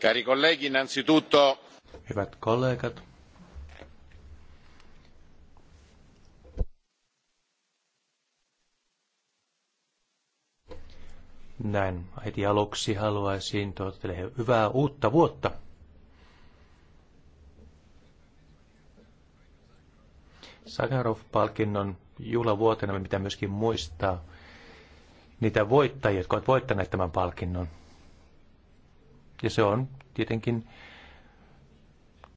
Cari colleghi, innanzitutto... Hyvät kollegat, Näin heti aluksi haluaisin toivottaa teille hyvää uutta vuotta. Sakharov-palkinnon juhlavuotena mitä myöskin muistaa niitä voittajia, jotka ovat voittaneet tämän palkinnon. Ja se on tietenkin